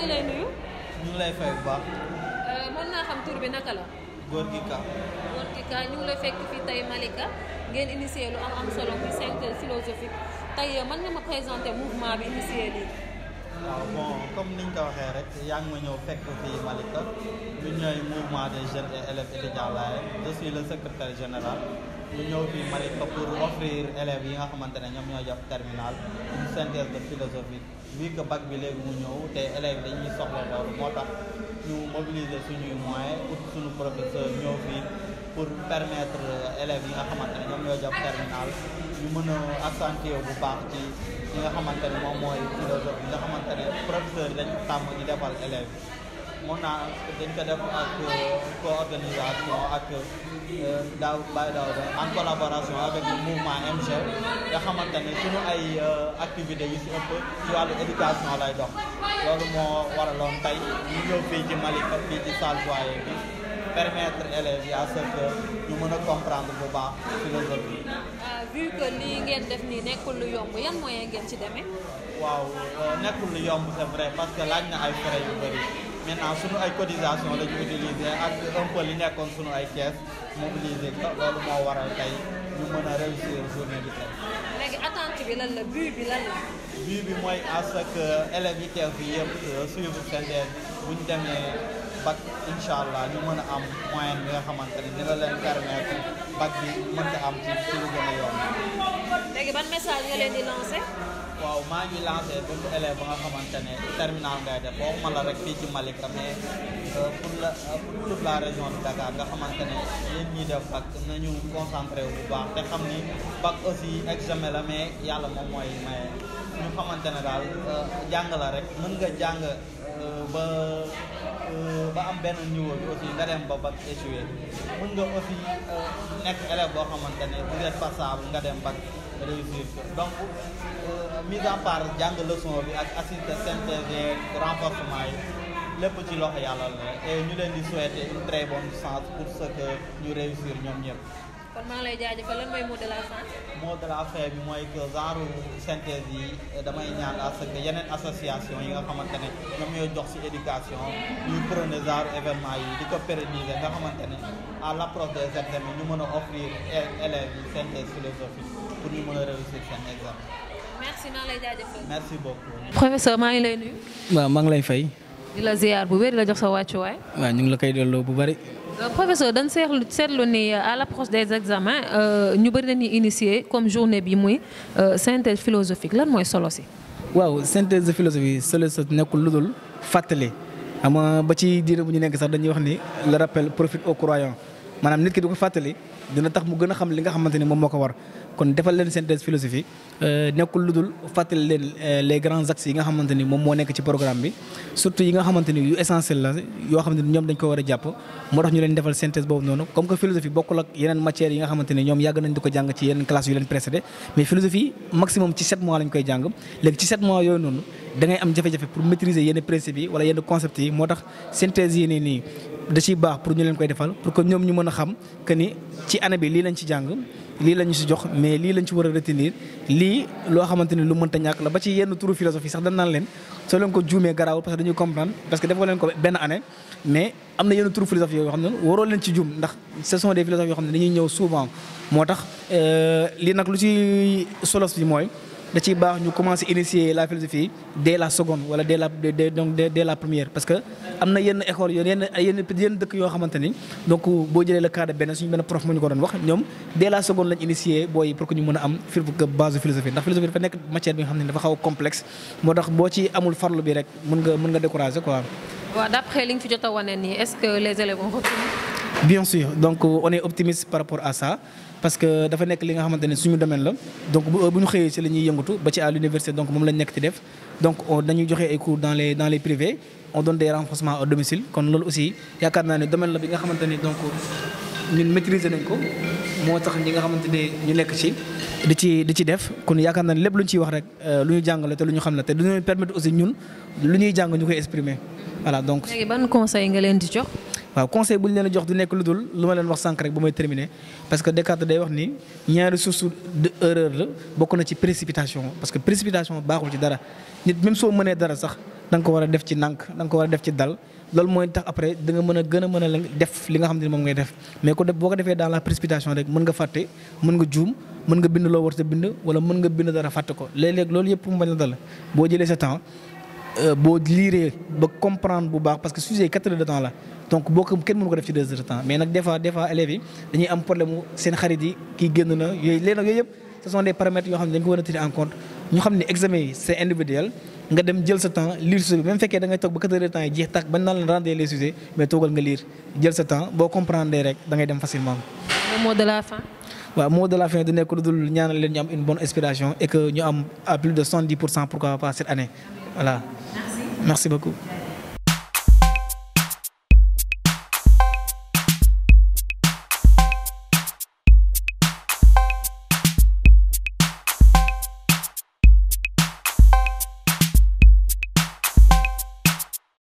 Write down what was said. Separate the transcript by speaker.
Speaker 1: ngi lay nuyu.
Speaker 2: ñu ngi lay fay bu baax.
Speaker 1: Euh, mën naa xam tur bi naka la. góor gi ka. gi ka ñu ngi lay fekk fii tey Malika ngeen initié lu am am solo muy cinq philosophique tey euh, mën ma présenter mouvement bi initié lii.
Speaker 2: waaw bon comme niñ ko waxee rek yaa ngi ma ñëw fekk fii Malika ñu ñooy mouvement des jeunes et élèves étudiants laay je suis le secrétaire général. ñu ñëw fii Malick Top pour offrir élèves yi nga xamante ne ñoom ñoo jàpp terminal une synthèse de philosophie vu que bag bi léegi mu ñëw te élèves dañuy soxla loolu moo tax ñu mobiliser suñuy moyens pour suñu professeur ñëw fii pour permetre élèves yi nga xamante ne ñoom ñoo jàpp terminal ñu mën a accentuer bu baax ci li nga xamante ne moom mooy philosophie nga xamante ne professeur yi dañu tàmm ñu defal élèves moom naa dañ ko def ak co-organisation ak eh, daaw Baye Daouda en collaboration avec le MG nga xamante ne suñu ay eh, activité yu si ëpp ci wàllu éducation lay dox loolu moo waraloon tey ñu ñëw fii ci Malika fii ci salle eh, foyer bi permettre élèves yi à ce que ñu mën a comprendre bu baax philosophie bi.
Speaker 1: Euh, vu que lii ngeen def nii nekkul lu yomb yan moyen ngeen ci demee.
Speaker 2: waaw euh, nekkul lu yomb c'est vrai parce que laaj na ay frais yu bëri. maintenant sunu ay cotisation la ñu ak un peu li nekkoon sunu ay caisse mobiliser ko loolu moo waral tey ñu mën a réussir journée bi tey.
Speaker 1: léegi attente bi lan
Speaker 2: bi mooy à ce que élèves yi teew fi yëpp euh, suivre CNDS bu ñu demee bac incha allah ñu mën a am moyen bi nga xamante ni dina leen permettre bac bi mën am ci ci lu gën a yomb.
Speaker 1: léegi ban message nga leen di lancer.
Speaker 2: waaw maa ngi lancé bépp élève ba nga xamante ne terminal ngay def waxuma la rek fii ci Malika mais euh, pour la euh, pour toute la région de Dakar nga xamante ne yéen ñi def bac nañu concentré bu baax te xam ni bac aussi examen la mais yàlla moom mooy maye ñu xamante ne daal euh, jàng la rek mën nga jàng ba ba am benn niveau bi aussi nga dem ba bac échoué mën nga aussi nekk élève boo xamante ne bu ngeen nga dem bac réussir donc mise en part jàng leçon bi ak assiste synthèse renforcement yi lépp ci loxo yàlla la et ñu leen di souhaiter une très bonne chance pour ce que ñu réussir ñoom ñëpp.
Speaker 1: kon maa ngi lay jaajëfal lan de
Speaker 2: la fin. bi mooy que genre synthèse yi eh, damay ñaan à ce que yeneen association yi nga xamante ne ñoom ñooy jox ci éducation ñuy prôner genre événement yi di ko pérenniser nga xamante ne à l'approche des examens ñu mën a offrir eh, élèves yi
Speaker 1: synthèse philosophique pour ñu mën a réussir seen examen. merci maa ngi lay maa ngi lay nuyu.
Speaker 3: waaw maa ngi lay fay.
Speaker 1: di la ziar bu wér la jox sa wàccuwaay. waaw ñu ngi la koy delloo bu bari. Euh, professeur dañ seetlu seetlu ni euh, à l'approche des examens euh, ñu bari dañuy initier comme journée bi muy synthèse philosophique lan mooy solo si.
Speaker 3: waaw synthèse philosophique solo sa nekkul lu dul fàttali xam ba ci diir bu ñu nekk sax dañuy wax ni le rappel profite au croyant. maanaam nit ki di ko fàttali dina tax mu gën xam li nga xamante ni moom moo ko war kon defal leen synthèse philosophie euh, nekkul lu dul fàttali leen euh, les grands axes yi nga xamante ni moom moo nekk ci programme bi surtout yi nga xamante ni yu essentiel la yoo xam ñoom dañ ko a jàpp leen defal synthèse boobu noonu comme que philosophie bokkul ak yeneen matières yi nga xamante ni ñoom yàgg nañ di ko jàng ci yeneen classes yu leen précédé mais philosophie maximum ci 7 mois lañ koy jàng léegi ci 7 mois yooyu noonu da am jafe-jafe pour maîtriser yenn principes yi wala yenn da ciy baax pour ñu leen koy defal pour que ñoom ñu mën a xam que ni ci année bi lii lañ ci jàng lii lañ si jox mais lii lañ ci war a lii loo xamante ni lu mënta ñàkk la ba ci yenn turu philosophie sax dañ naan leen soo leen ko juumee garaawul parce que dañuy comprendre parce que defoo leen ko benn année mais am na yenn turu philosophie yoo xam ne waroo leen ci juum ndax ce sont des yoo xam ne dañuy ñëw souvent moo tax euh, lii nag lu ci solos bi mooy da ciy baax ñu commencer initier la philosophie dès la seconde wala dès la première parce que am na yenn école yenn dëkk yoo xamante ni donc boo jëlee le cas de benn suñu benn prof mu ñu ko doon wax ñoom dès la seconde lañ initier booy pour que ñu mën a am fil base philosophie ndax philosophie dafa nekk matière bi nga xam ne dafa xaw complexe moo tax boo ci amul farlu bi rek mën nga mën nga décourager quoi.
Speaker 1: waaw fi jot a wane nii est-ce
Speaker 3: que parce que dafa nekk li nga xamante ne suñu domaine la donc bu ñu xëyee si la ñuy ba ci à l'université donc moom lañ nekk di def donc dañuy joxe ay cours dans les dans les privés on donne des renforcements à domicile kon loolu aussi yaakaar naa ne domaine la bi nga xamante ne donc ñun maîtriser nañ ko moo tax ñi nga xamante ne ñu nekk ci di ci di ci def kon yaakaar naa ne lépp lu ñu ciy wax rek euh, lu ñu jàng la te lu ñu xam la te du ñu permettre aussi ñun lu ñuy jàng ñu koy exprimer voilà donc.
Speaker 1: léegi ban conseil nga leen di jox.
Speaker 3: waaw conseil bu ñu leen a jox du nekk lu dul lu ma leen wax sànq rek bu may terminer parce que Descartes day wax ni ñaari source de erreur la bokk na ci précipitation parce que précipitation baaxul ci dara nit même soo mënee dara sax danga ko war a def ci nank danga ko war a def ci dal loolu mooy tax après da nga mën a gën a mën a def li nga xam ne moom ngay def mais ko def boo ko defee dans la précipitation rek mën nga fàtte mën nga juum mën nga bind loo war a bind wala mën nga bind dara fàtte ko léeg loolu yëpp a dal boo jëlee sa temps Euh, boo liiree ba comprendre bu baax parce que sujet quatre heures de temps la donc boo ko kenn mënu ko def ci deux de temps mais nag des fois des yi dañuy am problème seen xarit yi génn na yooyu léegi yooyu yëpp ce sont des nga dem jël sa temps lire sujet bi même fekkee da ngay ba quatre de temps yi jeex tax bañ naan la rendre les sujets mais toogal nga lire jël sa temps boo comprendre rek da dem facilement. mot de la fin. mot de la fin di nekk lu voilà merci beaucoup